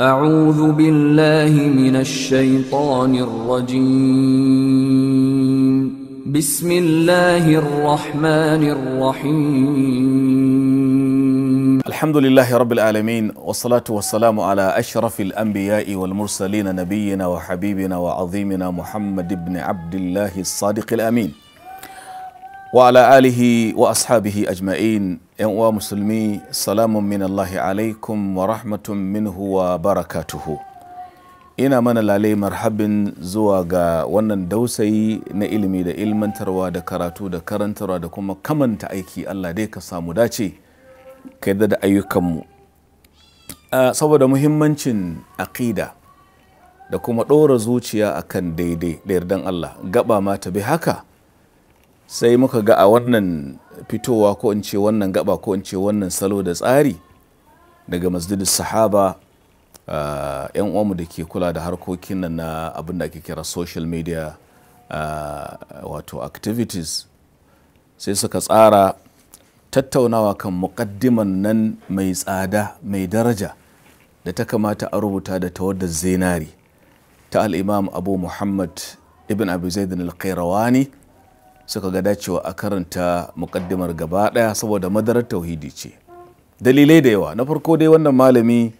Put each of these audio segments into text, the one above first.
أعوذ بالله من الشيطان الرجيم بسم الله الرحمن الرحيم الحمد لله رب العالمين والصلاة والسلام على أشرف الأنبياء والمرسلين نبينا وحبيبنا وعظيمنا محمد بن عبد الله الصادق الأمين وعلى آله وأصحابه أجمعين 'yan uwa musulmi salamun min Allahi alaikum wa rahmatun minhu wa barakatuhu ina mana lalai marhabin zuwa ga wannan dausayi na ilimi da ilmantarwa da karatu da karantarwa da kuma kamanta aiki Allah dai ka samu dace ka yadda da ayyukanmu saboda muhimmancin aƙida da kuma ɗora zuciya akan daidai da yardan Allah gaba ma ta bi haka sai muka ga a wannan fitowa ko in ce wannan gaba ko in ce wannan salo da tsari daga masjidin sahaba ah, yan uwanmu da ke kula da harkokin nan na abin da ake kira social media ah, wato activities sai suka tsara tattaunawa kan muƙaddiman nan mai tsada mai daraja da ta kamata a rubuta da ta wadda zinari ta al'imam abu muhammad ibn abu zaidin al ne. suka ga dacewa a karanta mukaddimar gaba ɗaya saboda madarar tauhidi ce dalilai da yawa na farko dai wannan malami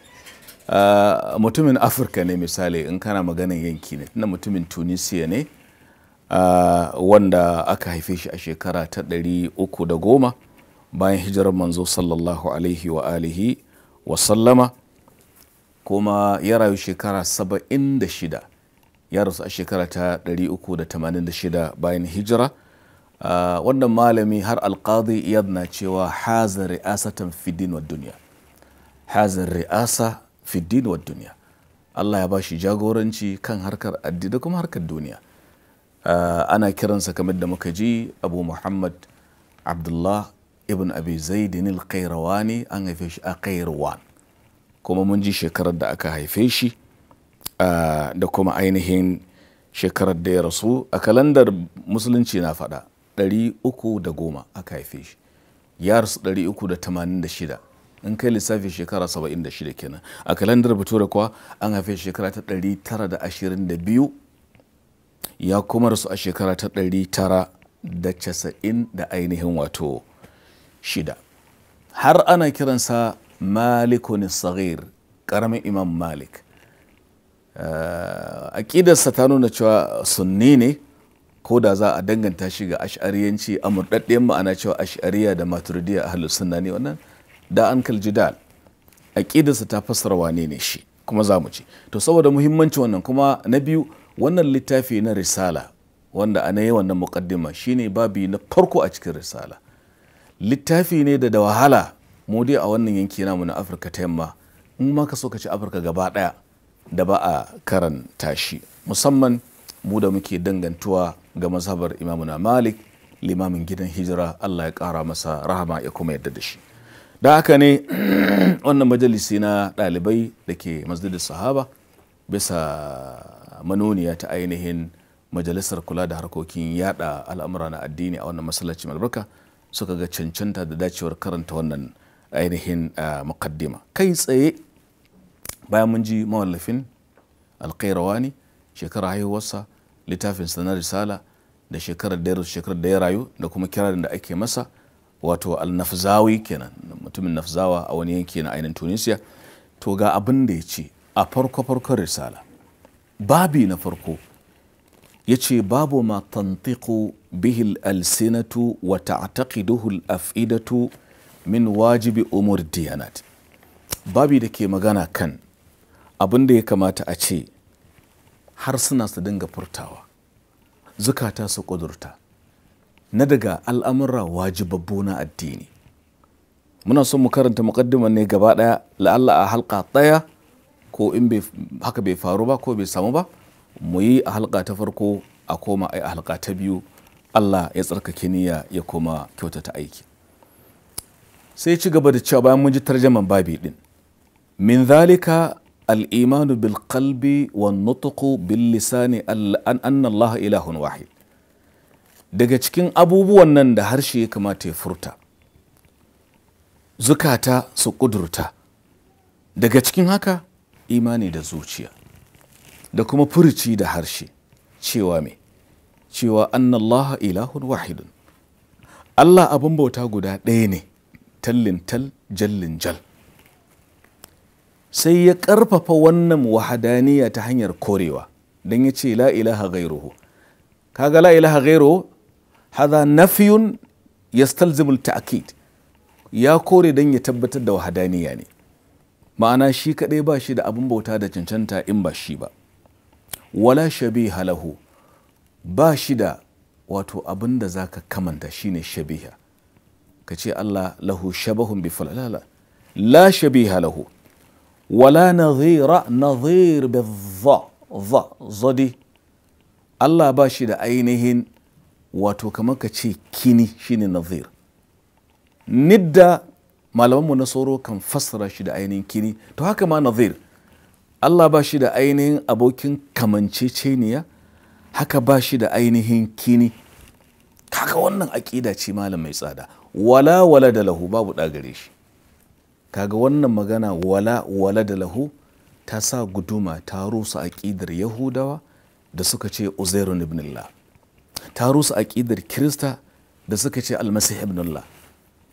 mutumin afirka ne misali in kana maganin yanki ne na mutumin tunisiya ne wanda aka haife shi a shekara ta ɗari uku da goma bayan hijirar manzo sallallahu alaihi wa alihi wa sallama kuma ya rayu shekara saba'in da shida ya rasu a shekara ta uku da da tamanin shida bayan hijira Ah, wannan malami har alkadi iyad na cewa haza ta fiddin wa duniya haza ri'asa fidin wa duniya Allah ya ba shi jagoranci kan harkar addini da kuma harkar duniya ah, ana kiransa kamar da muka ji abu muhammad abdullah ibn abi zaidin al an haife shi a kuma mun ji shekarar da aka haife shi ah, da kuma ainihin shekarar da ya rasu a kalandar musulunci na faɗa 310 aka haife shi ya rasu 386 in kai lissafi shekara 76 kenan a kalandar bature kuwa an haife shekara ta 922 ya kuma rasu a shekara ta 990 da casa'in da ainihin wato shida har ana kiransa malikun sagir karamin imam malik eh, a ƙidarsa ta nuna cewa sunni ne ko da za a danganta shi ga ash'ariyanci a murɗaɗɗiyar ma'ana cewa ash'ariya da maturidiyya a sunna ne wannan da an kaljidal aƙidarsa ta fassara wane ne shi kuma za mu ci to saboda muhimmanci wannan kuma na biyu wannan littafi na risala wanda ana yi wannan muƙaddima shine babi na farko a cikin risala littafi ne da da wahala mu dai a wannan yanki namu na afirka ta yamma in ma ka so ka ci afirka gaba ɗaya da ba a karanta shi musamman mu da muke dangantuwa ga mazhabar imamuna malik limamin gidan hijira allah ya kara masa rahama ya kuma yadda da shi da haka ne wannan majalisi na ɗalibai da ke masjidin sahaba bisa manoniya ta ainihin majalisar kula da harkokin yada al'amura na addini a wannan masallaci albarka suka ga cancanta da dacewar karanta wannan ainihin mukaddima kai tsaye bayan mun ji mawallafin alkairawa ne shekara haihuwarsa littafin sana risala da shekarar da shekarar da ya rayu da kuma kirarin da ake masa wato al kenan mutumin nafzawa a wani yanki na ainihin tunisia to ga abin da ya ce a farko farkon risala babi na farko ya ce babu ma tantiku bihi al-alsinatu wa ta'taqiduhu al-af'idatu min wajibi umur diyanat babi da ke magana kan abin da ya kamata a ce har suna su dinga furtawa zukata su ƙudurta na daga al'amura wajibabbu na addini muna son mu karanta muƙaddiman ne gaba ɗaya la'alla a halka ɗaya ko in haka bai faru ba ko bai samu ba mu yi a halka ta farko a koma a halka ta biyu Allah ya tsarkake niyya ya koma kyautata aiki sai ci gaba da cewa bayan mun ji tarjaman babi din min zalika الإيمان بالقلب والنطق باللسان أن الله إله واحد daga cikin abubuwan nan da harshe ya kamata ya furta zukata su ƙudurta daga cikin haka imani da zuciya da kuma furici da harshe cewa me cewa annallaha ilahun wahidun Allah abin bauta guda ɗaya ne tallin tal jallin jal sai ya ƙarfafa wannan wahadaniya ta hanyar korewa don ya ce la ilaha gairuhu kaga la ilaha gairuhu hadha nafiyun stalzimul ta’akid ya kore don ya tabbatar da wahadaniya ne ma'ana shi kaɗai ba shi da abin bauta da cancanta in ba shi ba wala shabiha lahu ba shi da wato abin da za ka kamanta shine shabiha ka ce Allah lahu shabahun bi la shabiha lahu wala nazira nazir bi za za zadi Allah ba shi da ainihin wato kamar ka ce kini shine nazir nidda malamanmu na sauro kan fassara shi da ainihin kini to haka ma nazir Allah ba shi da ainihin abokin kamanceceniya haka ba shi da ainihin kini kaka wannan aƙida ce malam mai tsada wala wala da lahu babu ɗagare shi kaga wannan magana wala wala da lahu ta sa guduma ta rusa aƙidar yahudawa da suka ce uzairun ibnullah ta rusa aƙidar kirista da suka ce almasih ibnullah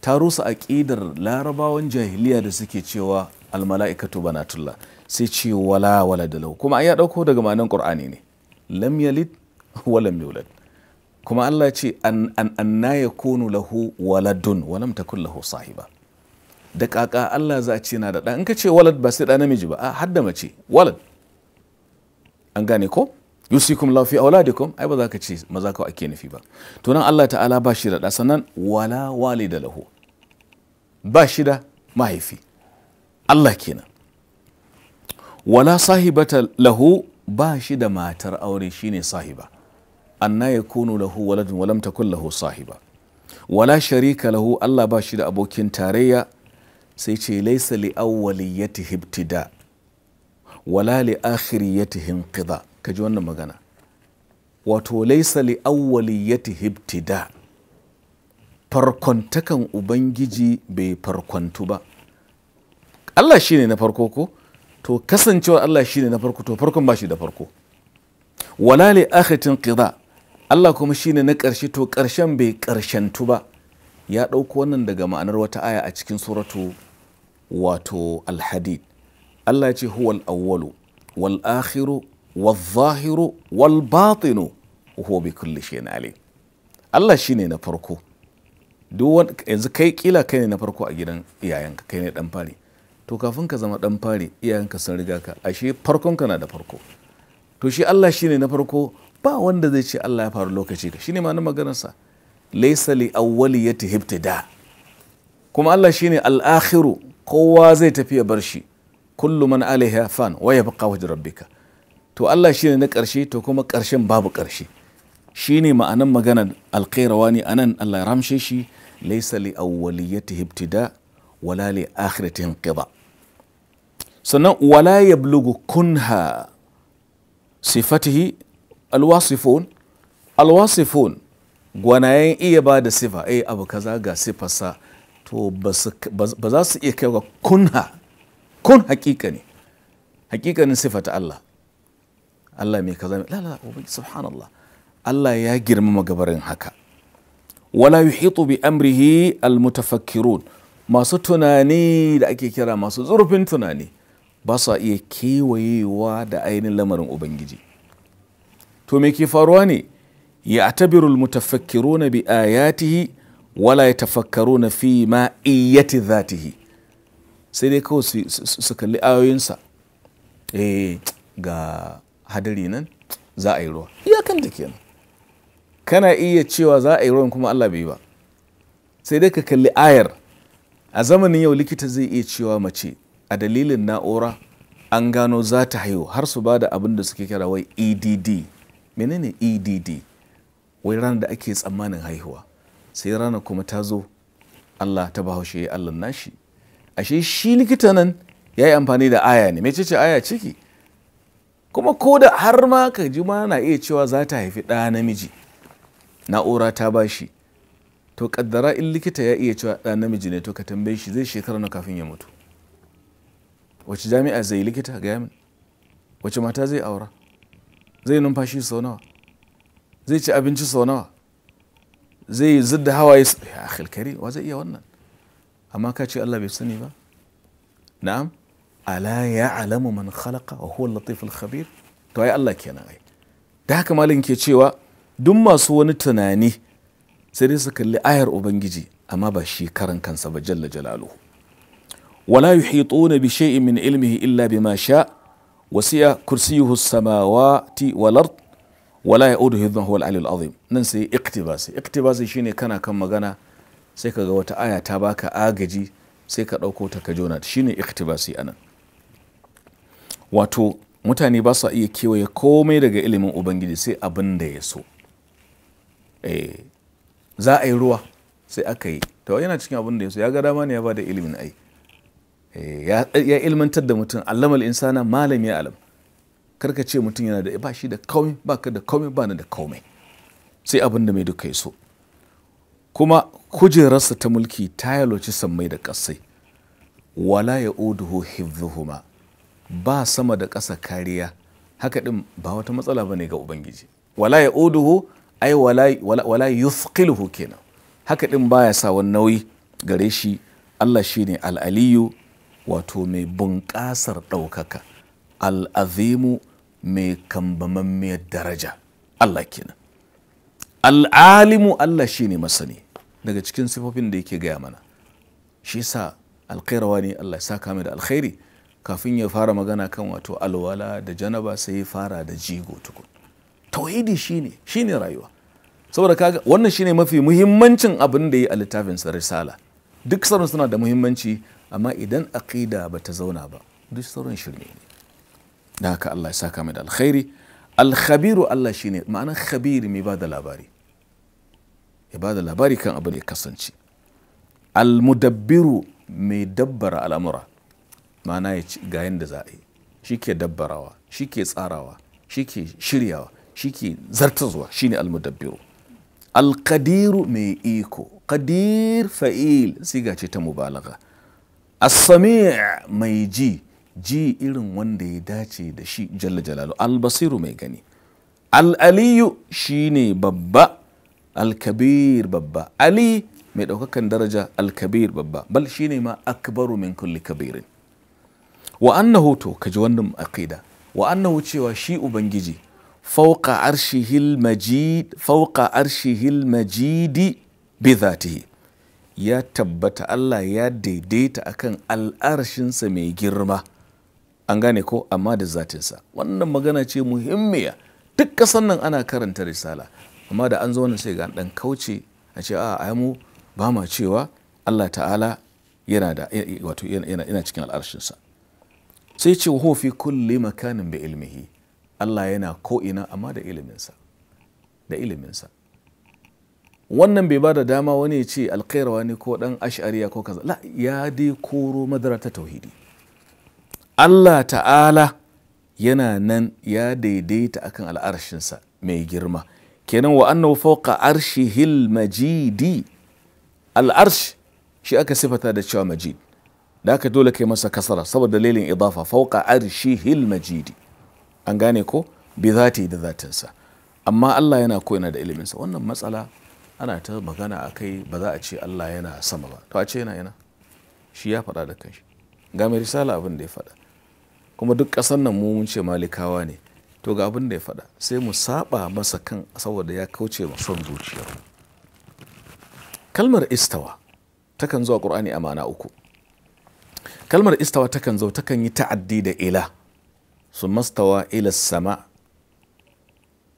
ta rusa aƙidar larabawan jahiliya da suke cewa almala'ikatu banatullah sai ce wala wala da lahu kuma an ya ɗauko daga ma'anin ƙur'ani ne lam yalid kuma Allah ce an an, kunu lahu waladun wa lam takun lahu sahiba da kaka Allah za a ce na da ɗa in ka ce walad ba sai ɗa namiji ba a hadda mace walad an gane ko yusikum law fi auladikum ai ba za ka ce maza kawai ake nufi ba to nan Allah ta'ala ba shi da ɗa sannan wala walida lahu ba shi da mahaifi Allah kenan wala sahibata lahu ba shi da matar aure shine sahiba anna yakunu lahu waladun walam kun lahu sahiba wala sharika lahu Allah ba shi da abokin tarayya sai ce laisa li awwaliyatihim ibtida wala li akhiriyatihim qida kaji wannan magana wato laisa li awwaliyatihim ibtida farkontakan ubangiji bai farkontu ba Allah shine na farko ko to kasancewar Allah shine na farko to farkon ba shi da farko wala li akhirin qida Allah kuma shine na ƙarshe to ƙarshen bai ƙarshentu ba ya ɗauko wannan daga ma'anar wata aya a cikin suratu wato alhadid Allah ce huwal awwalu wal akhiru wal zahiru wal batinu huwa bi kulli shay'in Allah shine na farko yanzu kai kila kai ne na farko a gidan iyayenka kai ne dan fari to kafin ka zama dan fari iyayenka sun riga ka ashe farkon ka na da farko to shi Allah shine na farko ba wanda zai ce Allah ya faru lokaci ka shine ma'anar maganarsa laysa li awwaliyati ibtida kuma Allah shine al-akhiru kowa zai tafi ya bar shi kullum man alaiha fan wa yabqa rabbika to Allah shi ne na ƙarshe to kuma ƙarshen babu ƙarshe ne ma'anan maganar alqairawani anan Allah ya ramshe shi laisa li awwaliyatihi ibtida wala li akhirati qida sannan wala yablugu kunha sifatihi alwasifun alwasifun gwanayen iya ba da sifa eh abu kaza ga sifarsa to ba za su iya kai wa kunha kun hakika ne hakikanin sifata Allah Allah mai kaza mai lalala ubangi subhanallah Allah ya girmama gabarin haka wala yuhitu bi amrihi almutafakkirun masu tunani da ake kira masu zurfin tunani ba su iya kewayewa da ainihin lamarin ubangiji to me ke faruwa ne ya atabiru almutafakkiruna bi ayatihi wala na fi ma iyati zatihi sai dai kawai su kalli ayoyinsa eh ga hadari nan za a yi ruwa iyakan da kenan kana iya cewa za a yi ruwan kuma Allah bai yi ba sai dai ka kalli ayar a zamanin yau likita zai iya cewa mace a dalilin na'ura an gano za ta haihu har su bada da abin da suke kira wai edd menene edd wai ranar da ake tsammanin haihuwa sai rana kuma ta zo Allah ta bahaushe ya Allah nashi ashe shi likita nan ya yi amfani da aya ne ce aya ciki kuma ko da har ma ka ji ma na iya cewa za ta haifi ɗa namiji na'ura ta ba shi to kaddara in likita ya iya cewa ɗa namiji ne to ka tambaye shi zai shekara na kafin ya mutu wace jami'a zai likita ga yamin wace mata zai aura zai numfashi sau nawa zai ci abinci sau nawa zai yi zidda hawaye ya akhil wa zai iya wannan amma ka ce Allah bai sani ba na'am ala ya'lamu man khalaqa wa huwa al-latif khabir to ai Allah kenan ai da haka malin ke cewa duk masu wani tunani sai dai su kalli ayar ubangiji amma ba shi karan kansa ba jalla jalaluhu wala yuhituna bi shay'in min ilmihi illa bima sha wasi'a kursiyuhu as-samawati wal wala ya udu hidhun huwa alil azim nan sai iktibasi iktibasi shine kana kan magana sai ka ga wata aya ta baka agaji sai ka ɗauko ta ka jona shine iktibasi anan wato mutane ba su iya kewaye komai daga ilimin ubangiji sai abin da ya so eh, za a yi ruwa sai aka yi to yana cikin abin da ya so ya ga dama ne ya ba ilimin ai eh, ya ilmantar da mutum allamal insana malami alam karka ce mutum yana da ba shi da komai ba ka da komai ba da komai sai abin da mai duka so kuma kujerarsa ta mulki ta yaloci sammai da ƙasai wala ya uduhu ba sama da ƙasa kariya haka ɗin ba wata matsala ba ne ga ubangiji wala ya uduhu ai wala, wala, yuthqiluhu kenan haka ɗin baya sa wani nauyi gare shi Allah shine al'aliyu wato mai bunƙasar ɗaukaka al'azimu mai kambamammiyar daraja Allah kenan al'alimu Allah shi ne masani daga cikin sifofin da yake gaya mana shi sa alkhairawa ne Allah sa kame da alkhairi kafin ya fara magana kan wato alwala da janaba sai ya fara da jigo tukun tauhidi shine shine rayuwa saboda kaga wannan shine mafi muhimmancin abin da yi a littafin sa risala duk sauran suna da muhimmanci amma idan aqida bata zauna ba duk sauran shirme ne da haka Allah ya saka mai da alkhairi alkhabiru Allah shine ma'ana khabiri mai bada labari ya da labari kan abu ya kasance almudabbiru mai dabbara al'amura ma'ana ya ci ga yadda za a yi shi ke dabbarawa shi ke tsarawa shi ke shiryawa shi ke Shi ne almudabbiru alkadiru mai iko kadir fa'il siga ce ta mubalaga as mai ji ji irin wanda ya dace da shi jalla jalalu albasiru mai gani al'aliyu shi ne babba alkabir babba ali mai ɗaukakan daraja alkabir babba bal shi ne ma akbaru min kulli kabirin wa annahu to ka ji wannan aqida wa annahu cewa shi ubangiji fauqa arshihil majid fauqa arshihil majidi bi ya tabbata Allah ya daidaita akan al'arshinsa mai girma an gane ko amma da zatinsa wannan magana ce muhimmiya duk ƙasar nan ana karanta risala amma da an zo wannan sai ga dan kauce a ce a ai mu ba ma cewa Allah ta'ala yana da wato yana cikin al'arshinsa sai ce wa fi kulli makanin bi ilmihi Allah yana ko ina amma da iliminsa da iliminsa wannan bai ba da dama wani ya ce alkhairawa ne ko dan ash'ariya ko kaza la ya dai koro madara ta tauhidi Allah ta'ala yana nan ya daidaita akan al'arshinsa mai girma kenan wa annahu fawqa arshihil majidi al'arsh shi aka sifata da cewa majid da aka dole kai masa kasara saboda dalilin idafa fawqa arshihil majidi an gane ko bi zati da zatinsa amma Allah yana ko yana da iliminsa wannan matsala ana ta magana a kai ba za a ce Allah yana sama ba to a ce yana yana shi ya faɗa da kanshi ga mai risala abin da ya faɗa kuma duk ƙasar nan mu mun ce malikawa ne to ga abin da ya faɗa sai mu saba masa kan saboda ya kauce ma son zuciyar kalmar istawa takan a qur'ani a mana uku kalmar istawa takan zo takan yi ta'addi da ila su mastawa ila sama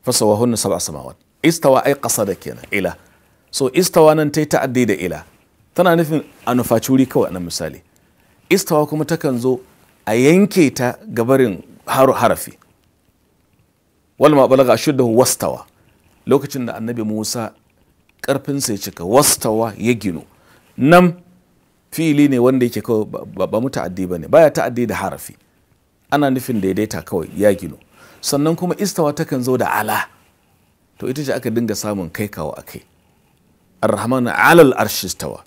fasawa hunna sab'a samawat istawa ai da kenan ila so istawa nan ta yi ta'addi da ila tana nufin a nufaci kawai nan misali istawa kuma takan zo a yanke ta gabarin harafi wal ma balaga shuddahu wastawa lokacin da annabi Musa ƙarfinsa ya cika wastawa ya gino. nan fili ne wanda yake kawai ba mu ta'addi ba ne baya ta'addi da harafi ana nufin daidaita kawai ya gino. sannan kuma istawa takan zo da ala to ita ce aka dinga samun kai kawo a kai arrahman alal arshistawa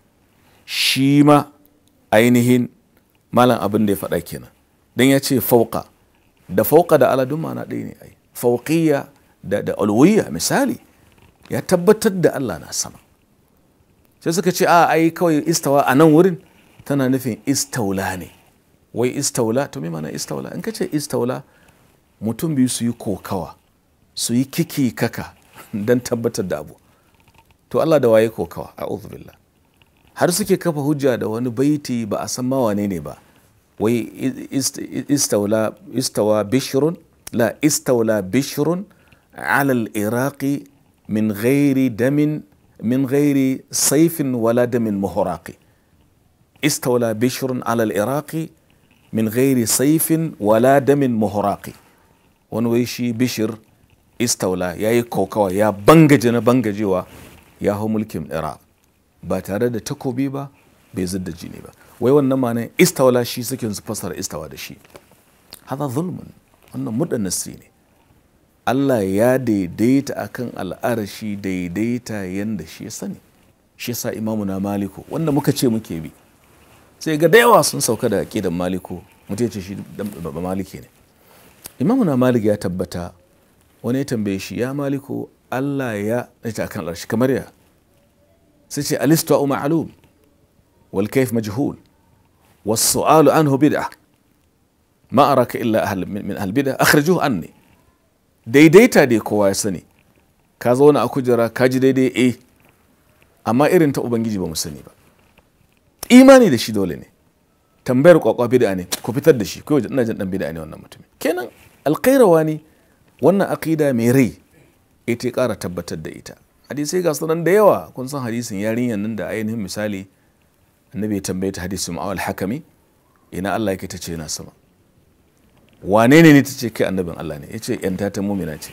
Shima ainihin malam abin da ya faɗa kenan don ya ce fauka da fauka da aladun mana ma'ana ɗaya ne ai da da alwiyya misali ya tabbatar da Allah na sama sai suka ce a ai kawai istawa a nan wurin tana nufin istaula ne wai istaula to me mana istaula in ka ce istaula mutum biyu su yi kokawa su yi kiki kaka don tabbatar da abu to Allah da waye kokawa a'udhu billah har suke kafa hujja da wani baiti ba a san mawane ne ba wai istawa bishirun la istawla bishirun alal iraqi min ghairi damin min ghairi saifin wala damin muhuraqi istawla bishirun alal iraqi min ghairi saifin wala damin muhuraqi wani wai shi bishir istawla ya yi kokawa ya bangaje na bangajewa ya hau mulkin iraq ba tare da takobi ba bai da jini ba wai wannan ma'anar istawala shi suke su fassara istawa da shi haza zulmun wannan mudan nassi ne Allah ya daidaita akan al'arashi daidaita yadda shi ya sani shi yasa imamu na maliku wanda muka ce muke bi sai ga dayawa yawa sun sauka da aqidan maliku mutum ce shi ba maliki ne imamu na malik ya tabbata wani ya tambaye shi ya maliku Allah ya daidaita akan al'arashi kamar ya sai ce alistuwa ma'alum wal kaif majhul والسؤال عنه Ma'ara ka illa إلا أهل من أهل بدعة an ne. daidaita dai kowa ya sani ka zauna a kujera ka ji daidai eh amma irin ta ubangiji ba mu sani ba imani da shi dole ne tambayar kwakwa bid'a ne ku fitar da shi yi ina jin dan bid'a ne wannan mutumin kenan alkhairawa ne wannan aqida mai rai ita ya kara tabbatar da ita hadisai ga sunan da yawa kun san hadisin yarinyar nan da ainihin misali annabi ya tambaye ta hadisin ma'awal hakami ina Allah yake ta ce yana sama wane ne ne ta ce kai annabin Allah ne yace yanta ta mumina ce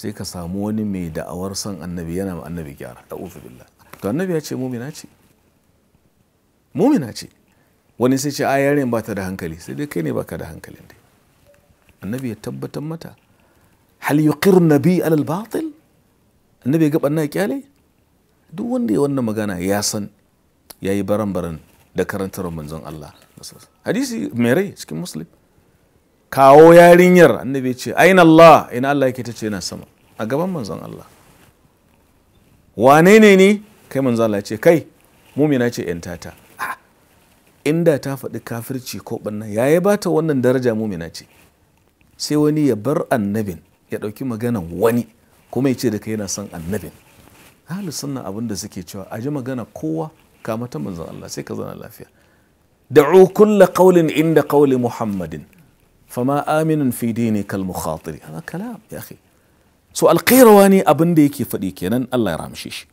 sai ka samu wani mai da'awar son annabi yana ma annabi gyara a'udhu billah to annabi ya ce mumina ce mumina ce wani sai ce a yaren ba ta da hankali sai dai kai ne baka da hankalin dai annabi ya tabbatar mata hal yuqir nabi alal batil annabi bai ga ɓanna ya kyale duk wanda ya wannan magana ya san ya yi baran-baran da karantar manzon Allah hadisi mai rai cikin muslim kawo yarinyar annabi ce aina Allah ina Allah yake ta ce yana sama a gaban manzon Allah wane ne ni kai manzon Allah ce kai mumina ce yan tata inda ta faɗi kafirci ko ɓanna ya yi bata wannan daraja mumina ce sai wani ya bar annabin ya ɗauki maganan wani kuma ya ce da kai yana son annabin ahli sunna abin da suke cewa a ji magana kowa kama ta manzon Allah sai ka zana lafiya da'u kulla qawlin inda qawli muhammadin fama aminin fi dini kal mukhatir hada kalam ya akhi so alqirawani abin da yake faɗi kenan Allah ya ramshe shi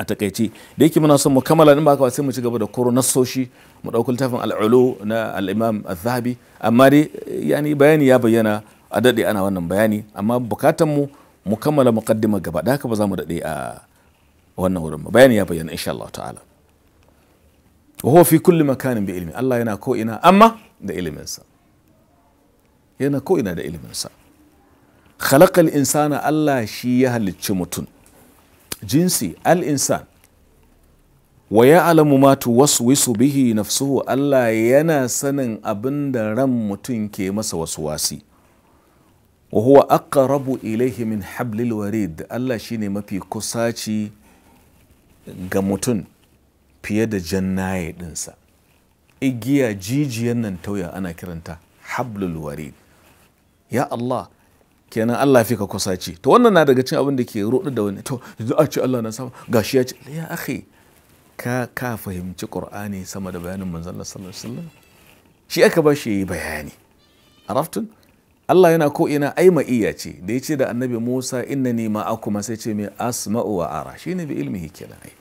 a takaice da yake muna son mu kammala in ba ka sai mu ci gaba da koro nassoshi mu ɗauki littafin al'ulu na al'imam al-zahabi amma dai yani bayani ya bayyana a daɗe ana wannan bayani amma bukatan mu mu kammala muqaddima gaba da haka ba za mu daɗe a wannan wurin bayani ya bayyana insha Allah ta'ala wa huwa fi kulli makanin bi ilmi Allah yana ko ina amma da iliminsa yana ko ina da sa khalaqal insana Allah shi ya halicci mutum jinsi al insan wa ya'lamu ma tuwaswisu bihi nafsuhu Allah yana sanin abinda ran mutum ke masa wasu wasi wa huwa aqrabu ilaihi min hablil warid Allah shine mafi kusaci ga mutum fiye da jannaye ɗinsa. igiya jijiyan nan tauya ana kiranta hablul warid ya Allah kenan Allah fi ka kusaci to wannan na daga cin abin da ke rudu da wani to a ce Allah na sama gashi ya ce ya akhi ka ka fahimci qur'ani sama da bayanin manzon Allah sallallahu alaihi wasallam shi aka ba shi yayi bayani araftun Allah yana ko ina ai ma'iya ce da ya ce da annabi Musa inna ni ma'akuma sai ce mai asma'u wa ara Shi ne bi ilmihi kenan ai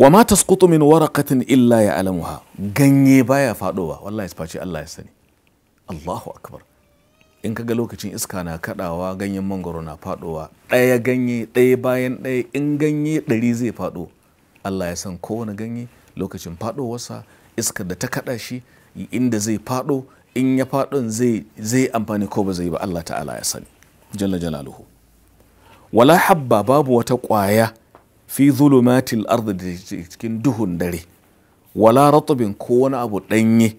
wa ma tasqutu min waraqatin illa ya'lamuha ganye baya fadowa wallahi face Allah ya sani Allahu akbar in ka ga lokacin iska na kaɗawa, ganyen mangoro na faɗowa. Ɗaya ganye ɗaya bayan ɗaya, in ganye ɗari zai faɗo. Allah ya san kowane ganye lokacin faɗowarsa iskar da ta kaɗa shi inda zai faɗo in ya faɗon zai amfani ko ba zai ba Allah ta'ala ya sani jalla jalaluhu wala habba babu wata kwaya fi zulumatil ardi da cikin duhun dare wala ratubin ko wani abu danye.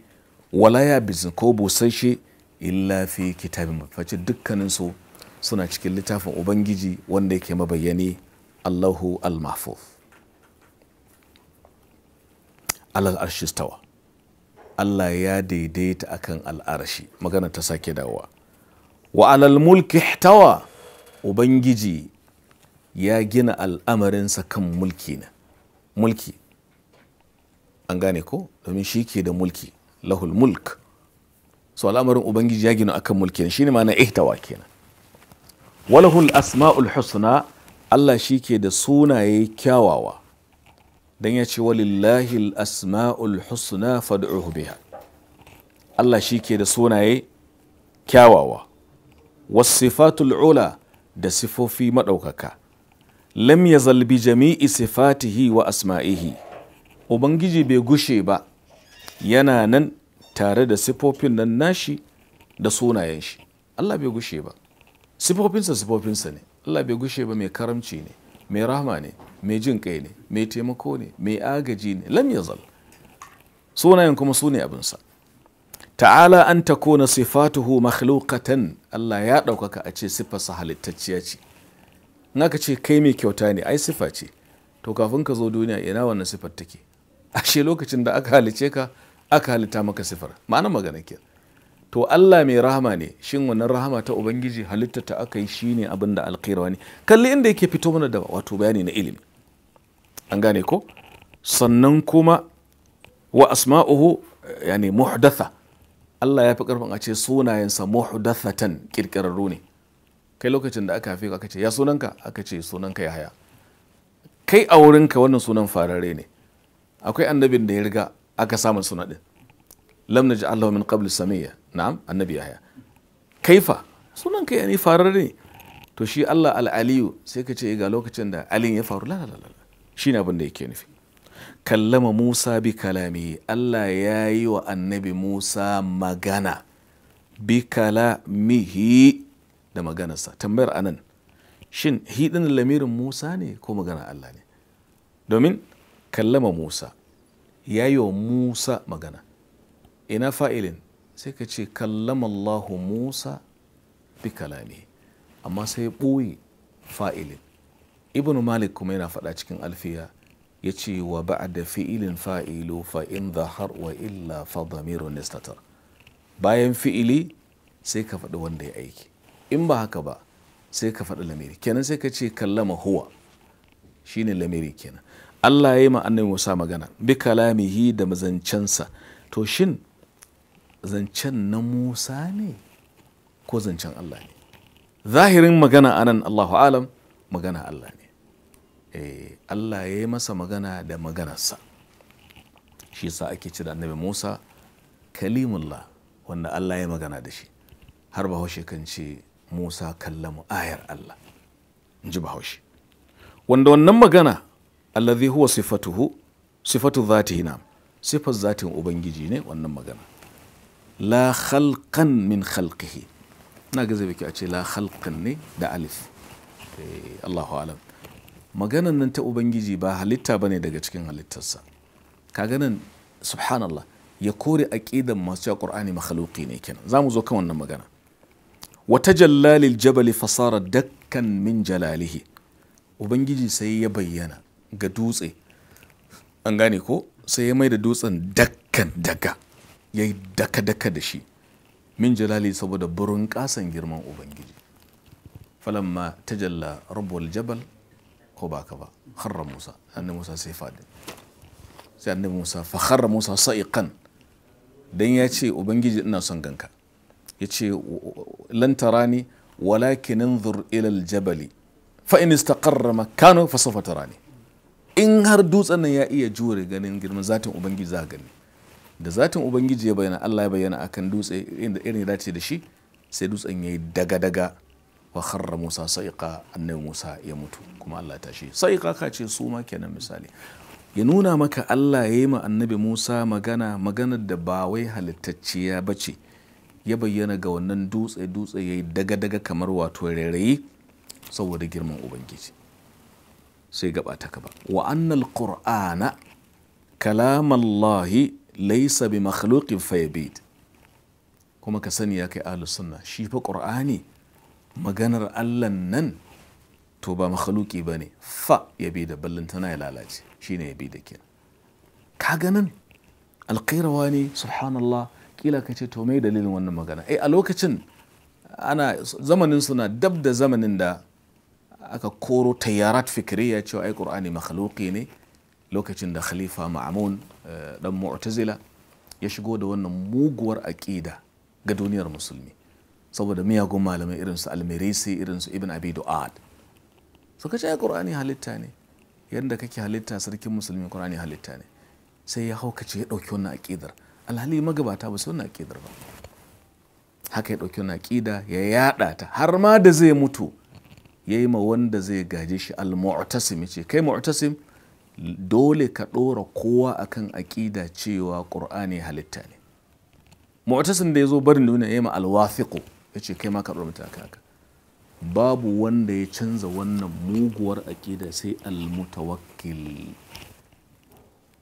wala ya bizin ko busasshe illa fi kitabin mafaci dukkaninsu suna cikin littafin ubangiji wanda yake mabayyani allahu al-mahfuz alal arshistawa Allah ya daidaita akan al'arshi magana ta sake dawa wa alal mulki tawa ubangiji ya gina al'amarinsa kan mulki na mulki an gane ko domin shi ke da mulki lahul mulk so al'amarin ubangiji ya gina akan mulki shi ne ma'ana ihtawa kenan walahul asma'ul husna Allah shi ke da sunaye kyawawa dan ya ce walillahi asmaul husna fad'uhu biha Allah shi ke da sunaye kyawawa wasifatul ula da sifofi maɗaukaka lam yazal bi jami'i sifatihi wa asma'ihi ubangiji bai gushe ba yana nan tare da sifofin nan nashi da sunayen shi Allah bai gushe ba sifofinsa sifofinsa ne Allah bai gushe ba mai karamci ne mai rahama ne mai jin kai ne mai taimako ne mai agaji ne lam yazal sunayen kuma su ne sa. ta'ala an ta kona sifatuhu makhluqatan Allah ya ɗaukaka a ce siffarsa halittacciya ce in aka ce kai mai kyauta ne ai sifa ce to kafin ka zo duniya ina wannan siffar take ashe lokacin da aka halice ka aka halitta maka sifar? ma'ana magana kenan to Allah mai rahama ne shin wannan rahama ta ubangiji halitta ta aka yi shine abin da alkhairawa ne kalli inda yake fito mana da wato bayani na ilimi an gane ko sannan kuma wa asma'uhu yani muhdatha Allah ya fi karfin a ce sunayensa muhdathatan kirkirarru ne kai lokacin da aka haife aka ce ya sunanka aka ce sunanka ya haya kai a wurinka wannan sunan farare ne akwai annabin da ya riga aka samun suna din lam naj'al lahu min qabl samiyya na'am annabi yahya kaifa sunan kai ne to shi Allah al'aliyu sai ka ce eh, ga lokacin da alin ya faru la la la shine abin da yake nufi kallama Musa bi kalami Allah ya yi wa annabi Musa magana bi kalamihi da maganarsa tambayar anan shin hidin lamirin Musa ne ko magana Allah ne domin kallama Musa ya yi wa Musa magana ina fa'ilin sai ka ce kallamallahu musa bi kalami amma sai ɓoye fa'ilin ibn malik kuma yana faɗa cikin alfiya ya ce wa da fi'ilin fa'ilu fa’in har har wa illa fa nistatar bayan fi'ili sai ka faɗi wanda ya aiki in ba haka ba sai ka faɗi lamiri kenan sai ka ce kallama huwa shine lamiri kenan Allah ya yi ma annabi Musa magana bi kalamihi da mazancensa to shin zancen na musa ne ko zancen allah ne zahirin magana anan allahu alam magana allah ne eh, allah ya yi masa magana da maganarsa shi sa ake ci da annabi musa kalimullah wanda allah ya magana da shi har bahaushe kan ce musa kallamu ayar allah in ji bahaushe wanda wannan magana allazi huwa sifatuhu sifatu zatihi na sifar zatin ubangiji ne wannan magana la khalqan min khalqihi na ga zai a ce la khalqan ne da alif eh, Allahu alam maganan nan ta ubangiji ba halitta bane daga cikin halittarsa kaga nan subhanallah ya kore aqidan masu cewa qur'ani makhluqi ne kenan zamu zo kan wannan magana Wata tajalla jabali jabal fasara dakkan min jalalihi ubangiji sai ya bayyana ga dutse an gane ko sai ya mai da dutsen dakkan daga ya yi daka-daka da shi min jalali saboda burin kasan girman ubangiji falamma tajalla rabuwar jabal ko ba ka ba harra musa annabi musa sai fadin sai annabi musa fa harra musa sa'iqan dan ya ce ubangiji ina son ganka ya ce lantara ne? walakin anzur ila aljabali fa in istaqarra makanu fa sawfa tarani in har dutsen nan ya iya jure ganin girman zatin ubangiji za gani da zatin ubangiji ya bayyana Allah ya bayyana a kan dutse inda irin ya dace da shi sai dutsen yayi daga daga wa harra Musa sa'iqa annabi Musa ya mutu kuma Allah ta shi sa'iqa ka ce su ma kenan misali ya nuna maka Allah ya yi ma annabi Musa magana maganar da ba wai halittacciya ba ce ya bayyana ga wannan dutse dutse ya yi daga daga kamar wato rairayi saboda girman ubangiji sai gaba ta ba. wa annal qur'ana kalamallahi laisa bi makhluqin fayabid kuma ka sani ya kai ahlus sunna shi fa qur'ani maganar Allah nan to ba makhluqi bane fa ya bi da ya lalace shine ya bi da kenan kaga nan alƙirawa subhanallah kila ka ce to mai dalilin wannan magana eh a lokacin ana zamanin suna dab da zamanin da aka koro tayyarat fikriya cewa ai qur'ani makhluqi ne lokacin da khalifa ma'mun Eh, dan mu'tazila ya shigo da wannan muguwar aƙida ga duniyar musulmi saboda miyagun malamai irin su almerisi irin su ibn abi du'ad suka ce qur'ani halitta ne yadda kake halitta sarkin musulmi qur'ani halitta ne sai ya haukace ya dauki wannan aƙidar alhali magabata ba su wannan aƙidar ba haka ya dauki wannan aqida ya yada ta har ma da zai mutu yayi ma wanda zai gaje shi al-mu'tasim ce kai mu'tasim dole ka ɗora kowa akan aƙida cewa ƙur'ani halitta ne mu'tasin da ya zo barin duniya ya yi alwafiqu ya ce kai ma ka ɗora mata haka babu wanda ya canza wannan muguwar aƙida sai almutawakkil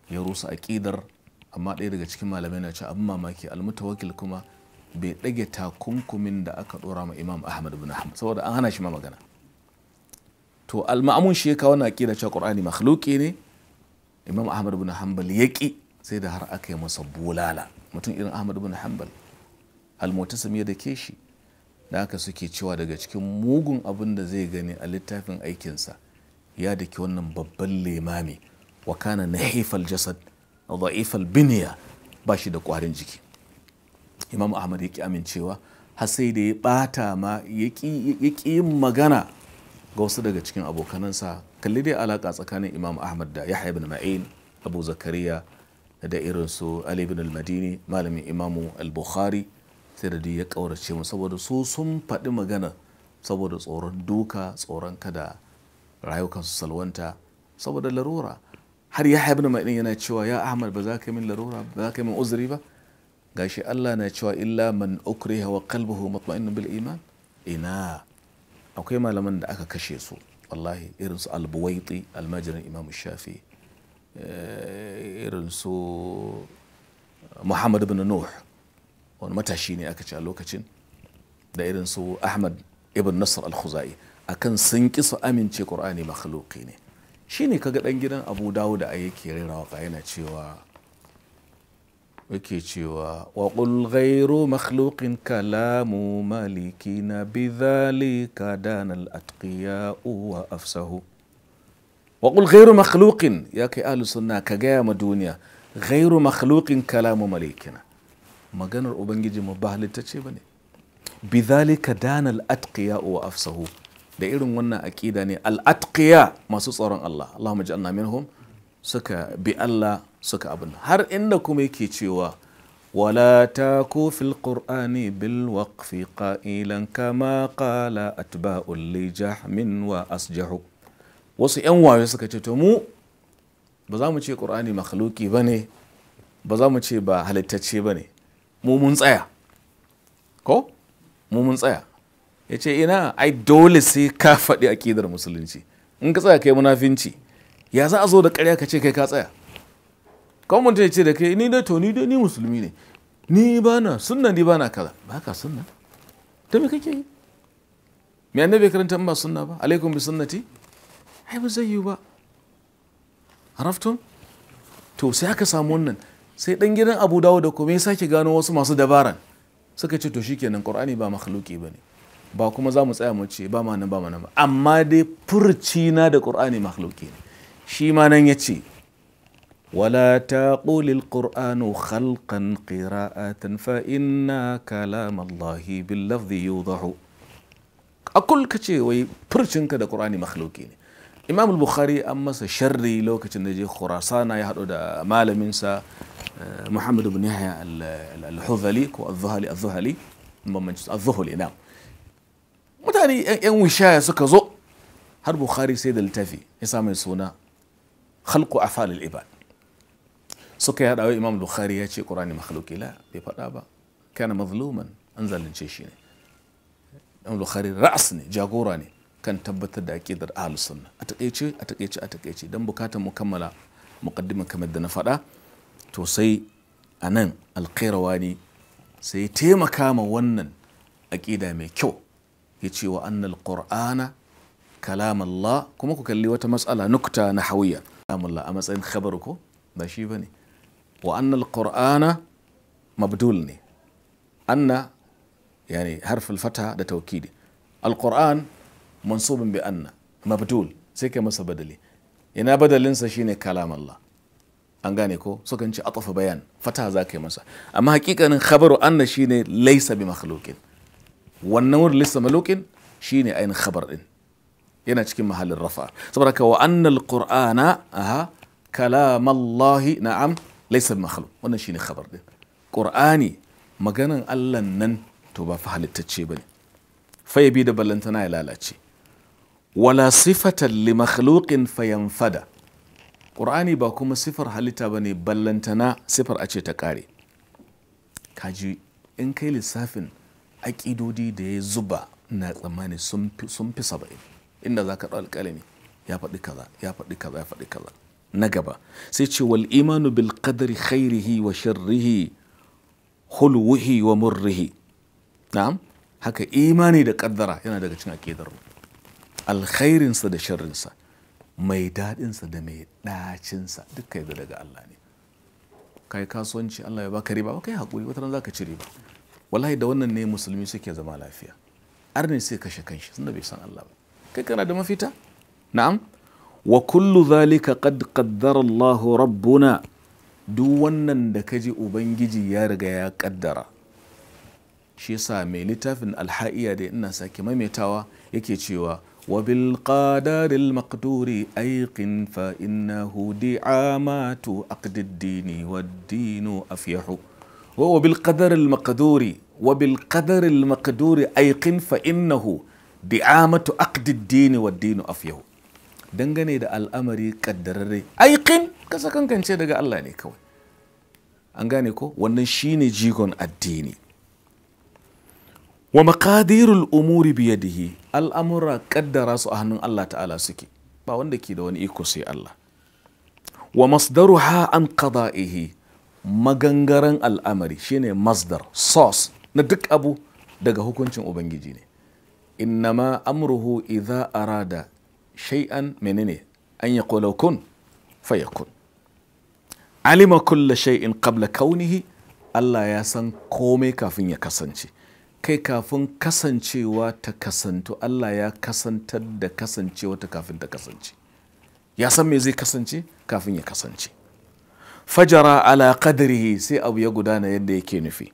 ya rusa aƙidar amma ɗaya daga cikin malamai na ce abin mamaki almutawakkil kuma bai ɗage takunkumin da aka ɗora ma imam ahmad bin ahmad saboda an hana shi ma magana to alma'amun shi ya kawo na aqida cewa ƙur'ani makhluki ne imam ahmad bin hanbal ƙi sai da har aka yi masa bulala mutum irin ahmad bin hanbal al-mutasimi da ke shi da aka suke cewa daga cikin mugun abin da zai gani a littafin aikinsa ya ke wannan babban limami wa kana haifal jasad za'ifal biniya ba shi da ƙwarin jiki imam ahmad ya ƙi amincewa har sai da ya ɓata ma ya ƙi yin magana ga wasu daga cikin abokanansa kalli dai alaka tsakanin imam ahmad da yahya ibn ma'in abu zakariya da irin su ali al-madini malamin imamu al-bukhari sai da ya kaurace mu saboda su sun faɗi magana saboda tsoron duka tsoron kada rayukansu salwanta saboda larura har ya ibn ma'in yana cewa ya ahmad ba za ka yi min larura ba za ka yi min uzuri ba gashi Allah na cewa illa man ukriha wa qalbuhu mutma'innun bil iman ina akwai malaman da aka kashe su wallahi irin su albuwaiti almajirin imam shafi eh, irin su eh, muhammad ibn nuh wani matashi ne aka ce a lokacin da irin su ahmad ibn nasr al-khuzai akan sun ki su amince qur'ani makhluqi ne shine kaga dan gidan abu dawud da yake rera waka yana cewa yake cewa wa qul ghairu makhluqin kalamu malikina bidhalika dana al-atqiya wa afsahu wa qul ghairu makhluqin ya kai ahlus sunna ka gaya ma duniya ghairu makhluqin kalamu malikina maganar ubangiji mu ba halittacce bane bidhalika dana al-atqiya wa afsahu da irin wannan aqida ne al-atqiya masu tsaron Allah Allahumma ij'alna minhum suka bi Allah suka abin har inda kuma yake cewa wala ta fil qur'ani bil waqfi qa'ilan kama qala atba'ul li jahmin wa asjahu wasu yan waye suka ce to mu ba za mu ce qur'ani makhluki bane ba za mu ce ba halittacce bane mu mun tsaya ko mu mun tsaya yace ina ai dole sai ka faɗi aqidar musulunci in ka tsaya kai munafinci ya za a zo da ƙarya ka ce kai ka tsaya kawai mutum ya ce da kai ni dai to ni dai ni musulmi ne ni ba na sunna ni ba na kaza ba ka sunna ta me kake yi me annabi karanta in ba sunna ba alaikum bi sunnati ai ba zai yi ba haraftun to sai aka samu wannan sai dan gidan abu dawo da kuma ya sake gano wasu masu dabaran suka ce to shikenan qur'ani ba makhluki bane ba kuma za mu tsaya mu ce ba ma nan ba ma nan ba amma dai furcina na da qur'ani makhluki ne shi ma nan ya ce wala ta ƙulil ƙur'anu halkan ƙira'atan fa'ina kalamallahi billafzi yau zahu akul ka ce wai furcinka da ƙur'ani makhluki ne imam bukhari an masa sharri lokacin da je khurasana ya haɗu da malaminsa eh, muhammad ibn yahya al-huzali ko al-zuhali al-zuhali bambanci al-zuhuli na mutane yan wishaya suka zo har sai da littafi mai suna khalqu afal al-ibad suka yada wa imam bukhari ya ce qur'ani makhluki la bai faɗa ba kana mazluman an zalunce shi ne imam bukhari ra'as ne jagora ne kan tabbatar da aqidar ahlus sunna a takeice a takeice a takeice dan bukatan mu kammala muqaddima kamar da na faɗa to sai anan alqairawani sai taimaka ma wannan aqida mai kyau ya wa annal qur'ana kalam Allah kuma ku kalli wata matsala nukta na hawiya kalamullah a matsayin khabar ko ba shi ba ne wa annal qur'ana mabdul ne anna yani harfin fata da taukidi alquran mansubin bi anna mabdul sai kai masa badali ina badalinsa shine kalam Allah an gane ko sukan ce atafa bayan fata za ka yi masa amma hakikanin khabaru anna shine laisa bi makhluqin wannan wurin lissa malukin shine ainihin khabar din yana cikin mahalin rafa saboda ka wa annal qur'ana aha kalamallahi na'am laysa makhlu wannan shine khabar din qur'ani maganan Allah nan to ba fa halittacce bane bi da ballantana ya lalace wala sifatan li makhluqin fayanfada qur'ani ba kuma sifar halitta bane ballantana sifar a ce ta kare kaji in kai lissafin aƙidodi da ya zuba na tsammani sun fi saba'in inda za ka ɗau alƙalami ya faɗi kaza ya faɗi kaza ya faɗi kaza na gaba sai ce wal imanu bil qadri khairihi wa sharrihi hulwuhi wa murrihi na'am haka imani da kaddara yana daga cikin akidar alkhairinsa da sharrinsa mai daɗinsa da mai ɗacinsa duka yadda daga Allah ne kai kasuwanci Allah ya baka riba kai hakuri wata ran zaka ci riba wallahi da wannan ne musulmi suke zama lafiya arne sai kashe kanshi tunda bai san Allah ba kai kana da mafita na'am wa kullu zalika qad qaddara Allahu rabbuna duk wannan da kaji ubangiji ya riga ya kaddara shi yasa mai littafin alha'iya da ina sake maimaitawa yake cewa wa bil qadaril maqduri aiqin fa innahu di'amatu aqdiddini wad-dinu afyahu wa bil qadaril maqduri wa bil qadaril maqduri aiqin fa innahu di'amatu aqdid dini wa dinu yahu dangane da al'amari kaddarare aikin kasa kankance daga Allah ne kawai an gane ko wannan shine jigon addini wa maqadirul umuri biyadihi al'amura kaddara su a hannun Allah ta'ala suke ba wanda ke da wani iko sai Allah wa masdaruha an qada'ihi magangaren al'amari shine masdar source na duk abu daga hukuncin ubangiji ne innama amruhu idza arada shay'an menene an ya kun fayakun alima kulla shay'in qabla kaunihi Allah ya san komai kafin ya kasance kai kafin kasancewa ta kasantu Allah ya kasantar da kasancewa ta kafin ta kasance ya san me zai kasance kafin ya kasance fajara ala qadrihi sai abu ya gudana yadda yake nufi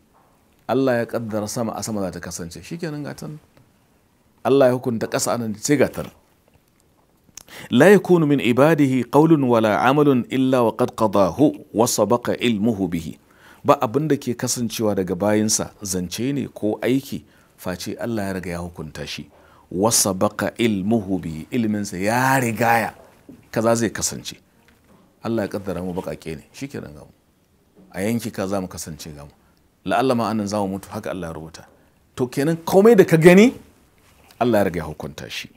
Allah ya kaddara sama a sama za ta kasance shikenan gatan Allah ya hukunta ƙasa anan sai ga tar. la yakunu min ibadihi qawlun wala amalun illa wa qad qadahu wa sabaqa ilmuhu bihi ba abin da ke kasancewa daga bayinsa zance ne ko aiki face Allah ya riga ya hukunta shi wa sabaqa ilmuhu bihi ilminsa ya rigaya kaza zai kasance Allah ya kaddara mu bakake ne shikenan mu. a yanki ka za mu kasance mu. la'alla ma anan za mu mutu haka Allah ya rubuta to kenan komai da ka gani Allah ya rage hukunta shi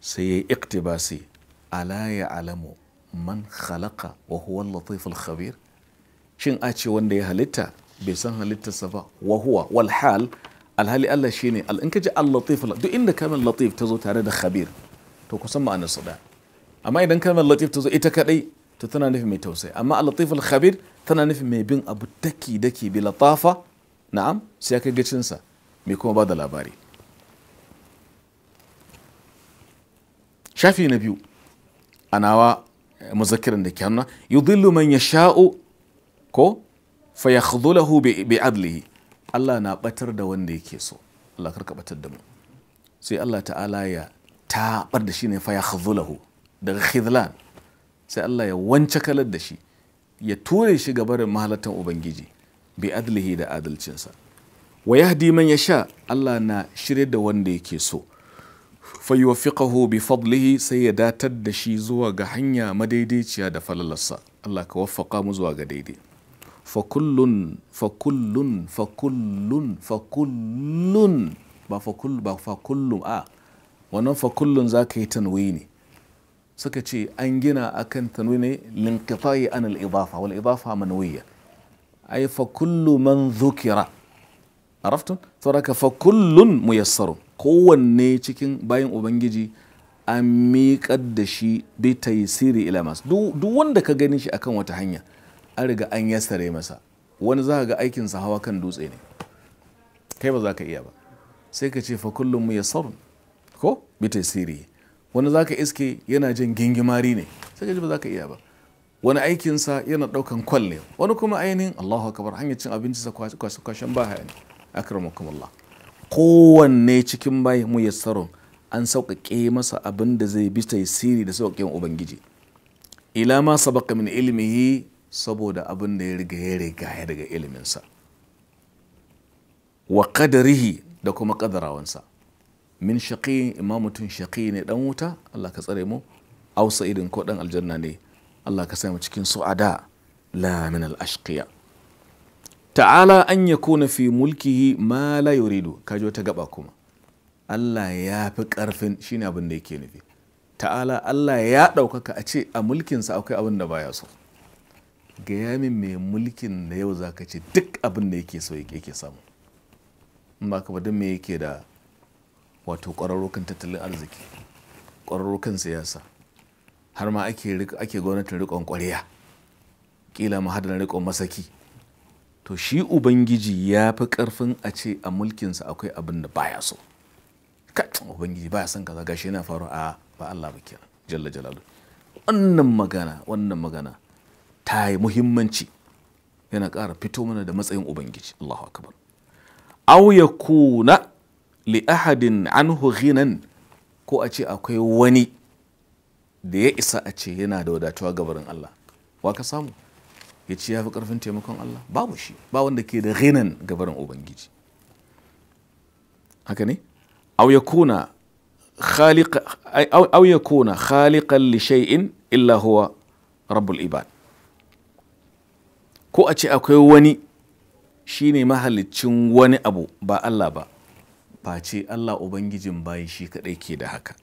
sai ya yi iktibasi ala ya alamu man khalaqa wa huwa al khabir shin a ce wanda ya halitta bai san halittarsa ba wa huwa wal hal alhali Allah shine al in ka ji al latif duk inda kamar latif ta zo tare da khabir to kusan ma'anar su da amma idan kamar latif ta zo ita kadai to tana nufin mai tausayi amma al latif al khabir tana nufin mai bin abu daki daki bi latafa na'am sai ka ga cinsa mai kuma ba da labari shafi na biyu a nawa eh, muzakirin da ke hannuna yudhillu man yasha'u ko fa yakhdulahu bi adlihi Allah na batar da wanda yake so Allah karka batar da mu sai Allah ta'ala ya taɓar da shi ne fa yakhdulahu daga khidlan sai Allah ya wance kalar da shi ya ture shi ga barin mahalatan ubangiji bi adlihi da adalcinsa wa yahdi man sha. Allah na shirye da wanda yake so fayuwafiqahu bi fadlihi sai ya datar da shi zuwa ga hanya madaidaiciya da falalarsa Allah ka waffaka mu zuwa ga daidai fa kullun fa kullun fa kullun fa kullun ba fa kullun ba fa kullum, a wannan fa kullun zaka yi tanwini suka ce an gina akan tanwini linqita'i an al-idafa wal idafa manwiya ay fa kullu man dhukira عرفتم ترك فكل ميسر kowanne cikin bayan ubangiji an miƙar da shi bi ta yi siri ila masu duk wanda ka gani shi akan wata hanya an riga an yasare masa wani za ga aikinsa hawa kan dutse ne kai ba za ka iya ba sai ka ce fa kullum mu saurin. ko bi ta siri wani za ka iske yana jin gingimari ne sai ka ji ba za ka iya ba wani aikinsa yana ɗaukan kwalle wani kuma ainihin allahu akabar hanyar cin abinci sa kwashen ba haya ne akramakum kowanne cikin bayan mu yassarun an sauƙaƙe masa abin da zai bi taisiri da sauƙaƙen ubangiji ila ma sabaka min ilmihi saboda abin da ya riga ya riga ya daga iliminsa wa qadarihi da kuma ƙadarawansa. min shaƙi imam mutum shaƙi ne dan wuta Allah ka tsare mu ausa idin ko dan aljanna ne Allah ka sa mu cikin su'ada la min al ashqiya ta'ala an ya kuna fi mulkihi ma la yuridu kaji wata gaba kuma Allah ya fi karfin shine abin da yake nufi ta'ala Allah ya ɗaukaka a ce a mulkinsa akwai abin da baya so gaya min mai mulkin da yau zaka ce duk abin da yake so yake samu in ba ka don me yake da wato ƙwararrukan tattalin arziki ƙwararrukan siyasa har ma ake gwamnatin riƙon ƙwariya. ƙila ma na riƙon masaki to shi ubangiji ya fi karfin a ce a mulkinsa akwai abin da baya so ubangiji baya son kaza gashi yana faru a ba Allah ba kira jalla jalalu wannan magana wannan magana ta yi muhimmanci yana ƙara fito mana da matsayin ubangiji Allahu akbar aw yakuna li ahadin anhu ghinan ko a ce akwai wani da ya isa a ce yana da wadatuwa gabarin Allah wa ka samu ya ce ya fi ƙarfin taimakon Allah babu shi ba wanda ke da ghinan gabarin ubangiji haka ne aw yakuna kuna aw khaliqan li illa huwa rabbul ibad ko a ce akwai wani shine mahalicin wani abu ba Allah ba ce Allah ubangijin bayan shi kadai ke da haka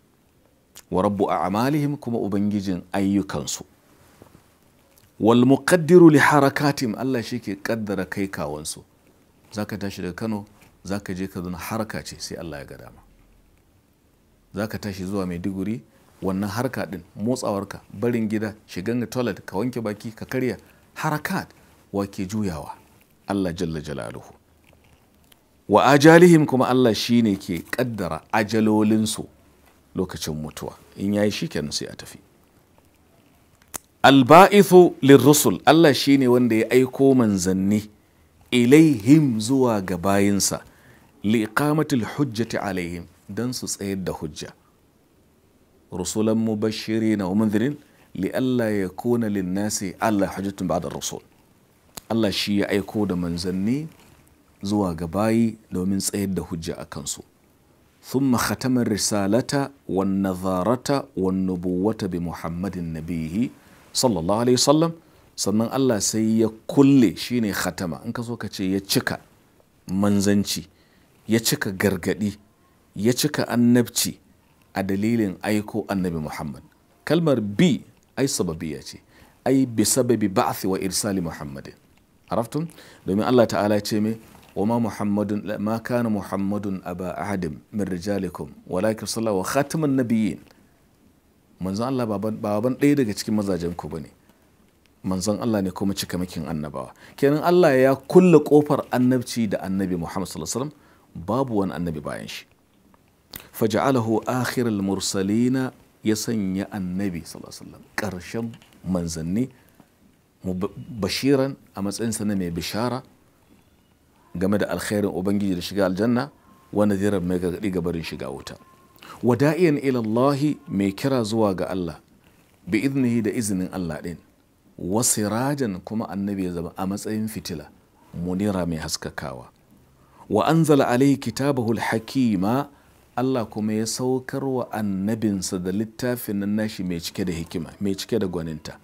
wa rabbu a'malihim kuma ubangijin ayyukansu wal muqaddiru li harakatim Allah shi ke kaddara kai kawansu zaka tashi daga Kano zaka je ka Kaduna haraka ce sai Allah ya ga dama zaka tashi zuwa Maiduguri wannan harka din motsawarka barin gida shigan toilet ka wanke baki ka karya harakat wake juyawa Allah jalla jalaluhu wa ajalihim kuma Allah shine ke kaddara ajalolinsu lokacin mutuwa in yayi shikenan sai a tafi alba'ithu lirrusul Allah shine wanda ya aiko manzanni ilaihim zuwa ga bayinsa liqamatil hujjati alaihim dan su tsayar da hujja rusulan mubashirina wa munzirin li ya kuna linnasi Allah hujjatun ba'da rusul Allah shi ya aiko da manzanni zuwa ga bayi domin tsayar da hujja a kansu ثم ختم الرسالة والنظارة والنبوة بمحمد نبيه sallallahu alaihi wasallam sannan Allah sai ya kulle shine khatama in ka so ka ce ya cika manzanci ya cika gargadi ya cika annabci a dalilin aiko annabi Muhammad kalmar bi ai sababiya ce ai bi sababi ba'thi wa irsali Muhammadin araftum domin Allah ta'ala ce me وما محمد ما كان محمد أبا أحد من رجالكم ولكن صلى وخاتم النبيين manzon Allah baban ɗaya daga cikin mazajen ku bane manzon Allah ne kuma cikamakin annabawa kenan Allah ya kulle kofar annabci da annabi Muhammad sallallahu alaihi wasallam babu wani annabi bayan shi faja'alahu akhirul mursalina ya sanya annabi sallallahu alaihi wasallam karshen manzanni bashiran a matsayinsa na mai bishara game da alkhairin ubangiji da shiga aljanna Wani zirar mai gargaɗi ga barin shiga wuta wada'iyan ilallahi mai kira zuwa ga Allah bi iznihi da izinin Allah ɗin Wasu rajan kuma annabi ya zama a matsayin fitila munira mai haskakawa wa anzala alaihi kitabahu hakima Allah kuma ya saukar wa annabinsa da littafin nan nashi mai cike da hikima mai cike da gwaninta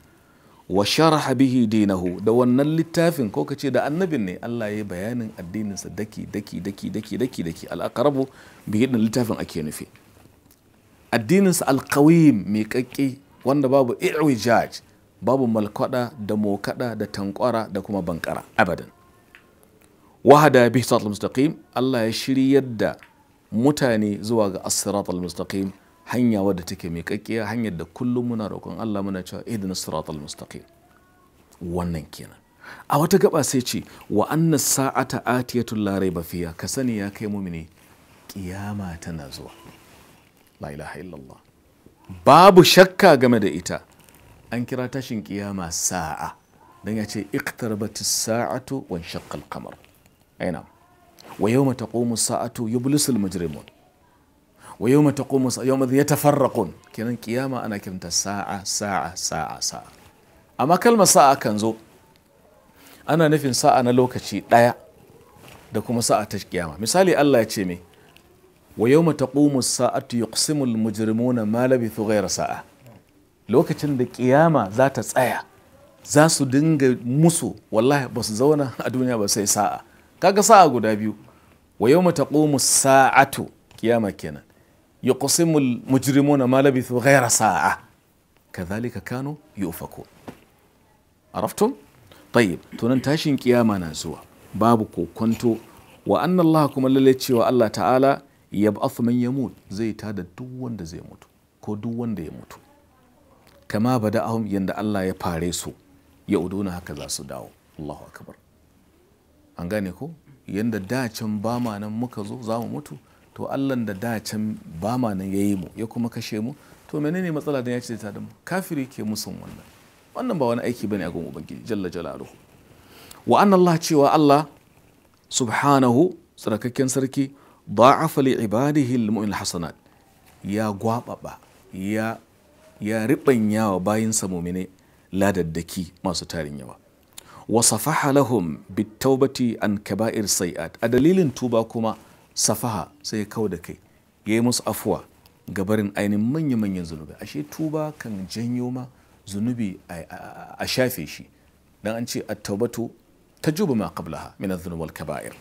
wa sharaha bihi dinahu da wannan littafin ko kace da annabin ne Allah ya yi bayanin addininsa daki daki daki daki daki daki al-aqrabu bi littafin ake nufi addininsa alkawim mai kakki wanda babu jaj babu malkwada da mokada da tankwara da kuma bankara abadan wahada bi sirat almustaqim Allah ya shiryar da mutane zuwa ga as-siratal hanya wadda take mai kakkiya hanyar da kullum muna roƙon Allah muna cewa idan sirat almustaqim wannan kenan a wata gaba sai ce wa anna sa'ata atiyatul la raiba fiha ka sani ya kai mumini kiyama tana zuwa la ilaha illallah babu shakka game da ita an kira tashin kiyama sa'a dan ya ce iqtarabatis sa'atu wan shaqqal qamar aina wa yawma taqumu sa'atu yublisul mujrimun wa yawma taqumu yawma yatafarraqun kenan kiyama ana kiranta sa'a sa'a sa'a sa'a amma kalmar sa'a kan zo ana nufin sa'a na lokaci daya da kuma sa'a ta kiyama misali Allah ya ce me wa yau taqumu sa'atu yuqsimu al-mujrimuna ma labithu ghayra sa'a lokacin da kiyama za ta tsaya za su dinga musu wallahi ba su zauna a duniya ba sai sa'a kaga sa'a guda biyu wa yau taqumu sa'atu kiyama kenan yuqsimu al-mujrimuna ma labithu ghayra sa'a kadhalika kanu yufaku araftum tayyib tunan tashin kiyama na zuwa babu kokonto wa annan Allah kuma lalle cewa Allah ta'ala yab'ath man yamut zai tada duk wanda zai mutu ko duk wanda ya mutu kama ahum yanda Allah ya fare su ya uduna haka za su dawo Allahu akbar an gane ko yanda dacin ba ma nan muka zo za mu mutu to Allah da dacin ba ma nan yi mu ya kuma kashe mu to menene matsala da ya ce ta da mu kafiri ke musun wannan wannan ba wani aiki bane a gun ubangiji jalla jalaluhu wa anna Allah cewa Allah subhanahu tsarkakken sarki ضاعف لعباده المؤمن الحسنات يا ya يا ya riɓanya wa bayinsa mumine ladaddaki masu tarin yawa wa safaha lahum bitaubati an kaba'ir sai'at a dalilin tuba kuma safaha sai ya kau da kai ya yi musu afuwa gabarin ainihin manya-manyan zunubi ashe tuba kan janyo ma zunubi a shafe shi dan an ce at-taubatu tajubu ma qablaha min adh-dhunub wal kaba'ir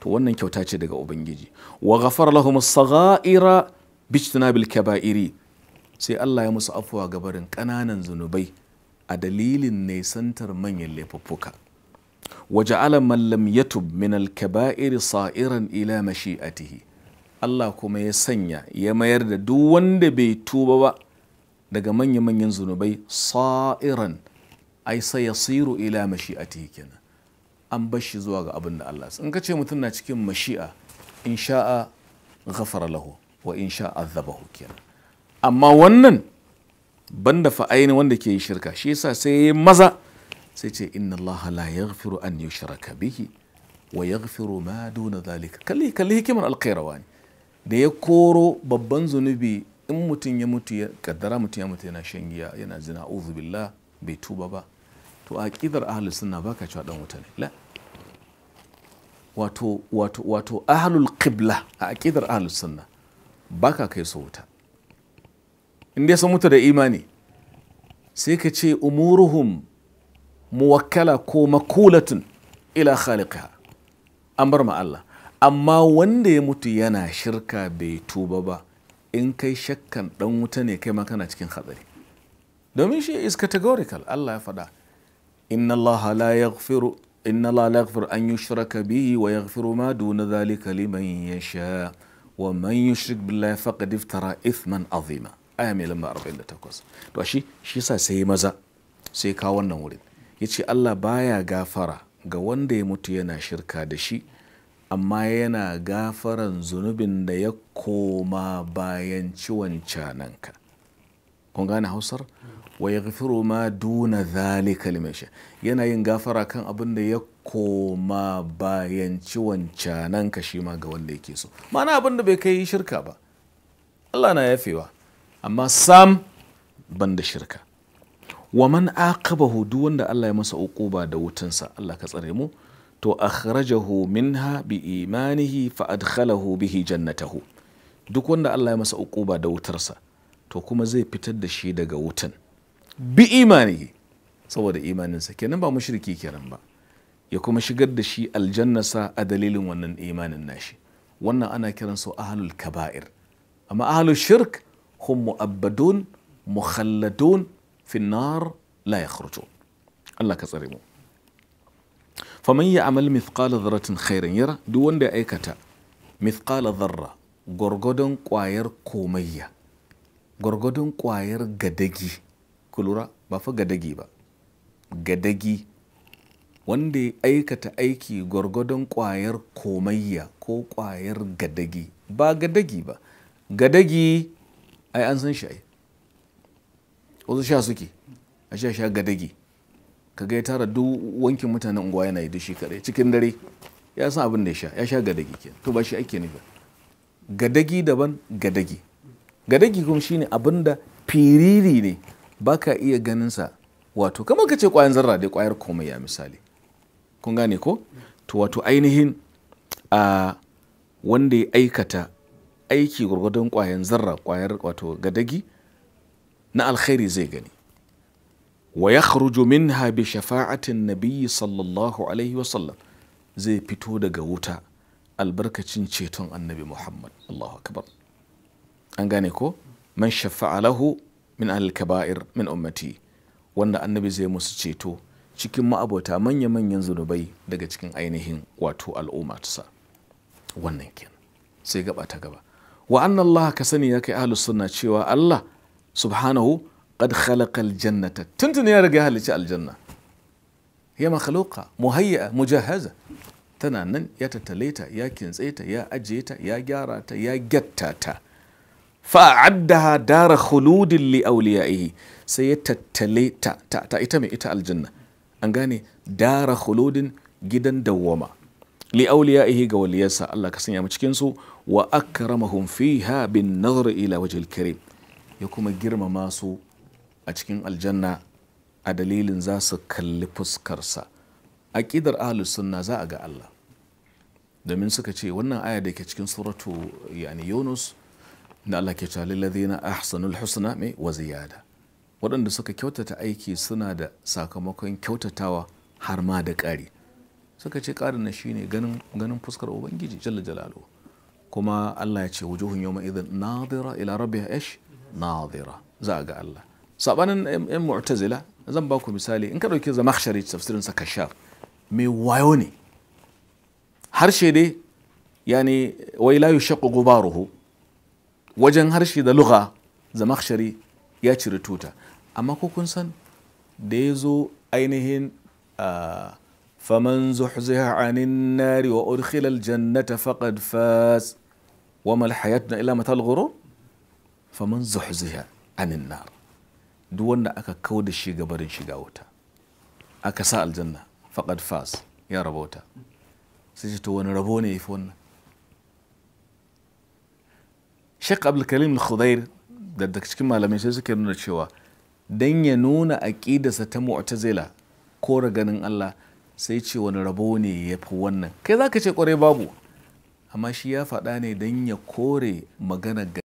to wannan kyauta ce daga ubangiji wa ghafara lahum as-sagha'ira bijtinabil kaba'iri sai Allah ya musu afuwa ga barin kananan zunubai a dalilin nesantar manyan laifuffuka wa ja'ala man lam yatub min al-kaba'iri sa'iran ila mashi'atihi Allah kuma ya sanya ya mayar da duk wanda bai tuba ba daga manya-manyan zunubai sa'iran ai sai yasiru ila mashi'atihi kenan an bar shi zuwa ga abin da Allah in ka ce mutum na cikin mashi'a in sha'a ghafara lahu wa in sha'a azabahu kenan amma wannan banda fa aini wanda ke yi shirka shi yasa sai yayi maza sai ce inna Allah la yaghfiru an yushraka bihi wa yaghfiru ma duna zalika kalli kalli hikimar ne. da ya koro babban zunubi in mutum ya mutu ya kaddara mutum ya mutu yana shan giya yana zina uzu billah bai tuba ba to a ƙidar ahalul sunna baka cewa ɗan wuta ne la wato wato wato ahalul qibla a aqidar ahalul sunna baka kai su wuta in dai san mutu da imani sai ka ce umuruhum muwakkala ko makulatun ila khaliqiha an bar ma Allah amma wanda ya mutu yana shirka bai tuba ba in kai shakkan dan wuta ne kai ma kana cikin hatsari domin shi is categorical Allah ya faɗa inna allaha la yaghfiru inna allaha la yaghfiru an yushraka bihi wa yaghfiru ma duna dhalika liman yasha man yushrik billahi faqad iftara ithman azima aya mai shi shi sa sai maza sai ka wannan wurin ce Allah baya gafara ga wanda ya mutu yana shirka da shi amma yana gafaran zunubin da ya koma bayan ciwon cananka kun gane hausar wa ya ma duna zalika liman shi. yana yin gafara kan abin da ya koma bayan ciwon canan ka shi ma ga wanda yake so mana abin da bai kai shirka ba Allah na yafewa amma sam ban da shirka wa man aqabahu duk wanda Allah ya masa uquba da wutansa Allah ka tsare mu to akhrajahu minha bi imanihi fa adkhalahu bihi jannatahu duk wanda Allah ya masa uquba da wutarsa to kuma zai fitar da shi daga wutan bi imani saboda imaninsa kenan ba mushriki kenan ba ya kuma shigar da shi aljannasa a dalilin wannan imanin nashi wannan ana kiran su ahlul kaba'ir amma ahlul shirk hum mu'abbadun mukhalladun fi nar la yakhrujun Allah ka tsare mu faman ya amal mithqala dharratin khairan yara duk wanda ya aikata mithqala dharra gwargwadon kwayar komayya gwargwadon kwayar gadagi kulura ba fa gadagi ba gadagi wanda ya aikata aiki gwargwadon kwayar komayya ko kwayar gadagi ba gadagi ba gadagi ai an san shi ai wasu sha suke a sha sha gadagi kaga ya tara duk wankin mutanen unguwa yana yi dushi shi kaɗai. cikin dare ya san abin da ya sha ya sha gadagi kenan to ba shi ake nufi gadagi daban gadagi gadagi kuma shine abin da firiri ne ka iya ganinsa wato kamar ka ce kwayan zarra dai kwayar komai ya misali kun gane ko to wato ainihin a wanda ya aikata aiki gwargwadon kwayan zarra kwayar wato gadagi na alkhairi zai gani wa ya minha bi shafa'atin nabiyyi sallallahu alaihi wasallam zai fito daga wuta albarkacin ceton annabi muhammad allahu akbar an gane ko man shafa'a lahu min alkaba'ir min ummati wanda annabi zai musu ceto cikin ma'abota manya-manyan zunubai daga cikin ainihin wato al'umma sa. wannan ken sai gaba ta gaba wa allaha ka sani ya kai ahlus sunna cewa Allah subhanahu qad khalaqa aljannata tuntun ya riga halicci aljanna ya makhluqa muhayya mujahaza tana nan ya tattale ta ya kintse ta ya ajiye ta ya gyara ta ya gyatta ta fa'addaha dara khuludin li auliyaihi sai ya tattale ta, ita mai ita aljanna an gane dara khuludin gidan dawwama li auliyaihi ga waliyarsa Allah ka sanya mu cikin su wa akramahum fiha bin nazar ila wajhil karim ya kuma girmama su a cikin aljanna a dalilin za su kalli fuskarsa aqidar ahlus sunna za a ga Allah domin suka ce wannan aya da ke cikin suratu yani Yunus na Allah ke ladina lillazina ahsanul husna mai wa ziyada waɗanda suka kyautata aiki suna da sakamakon kyautatawa har ma da ƙari suka ce ƙarin na shine ganin ganin fuskar ubangiji jalla jalalu kuma Allah ya ce wujuhun yawma idhin nadira ila rabbiha ish nadira za a ga Allah sabanin yan mu'tazila zan ba ku misali in ka dauki zamakhshari tafsirin sa kashaf Me wayo ne harshe dai yani wai la yushaqqu gubaruhu wajen harshe da lugha zamakshari ya cire tuta amma ko kun san da ya zo ainihin faman zuhziha anin nari wa udkhila aljannata faqad fas wa mal na illa matal ghurur faman zuhziha anin nar duk wanda aka kau da shi gabarin shiga wuta aka sa aljanna faqad fas ya rabota sai ce to wani rabo ne yafi wannan Sheikh Abdulkarim Al-Khudair da daga cikin malamai sai suke nuna cewa dan ya nuna aqidarsa ta Mu'tazila ko ganin Allah sai ce wani rabo ne ya fi wannan kai zaka ce kwarai babu amma shi ya faɗa ne dan ya kore magana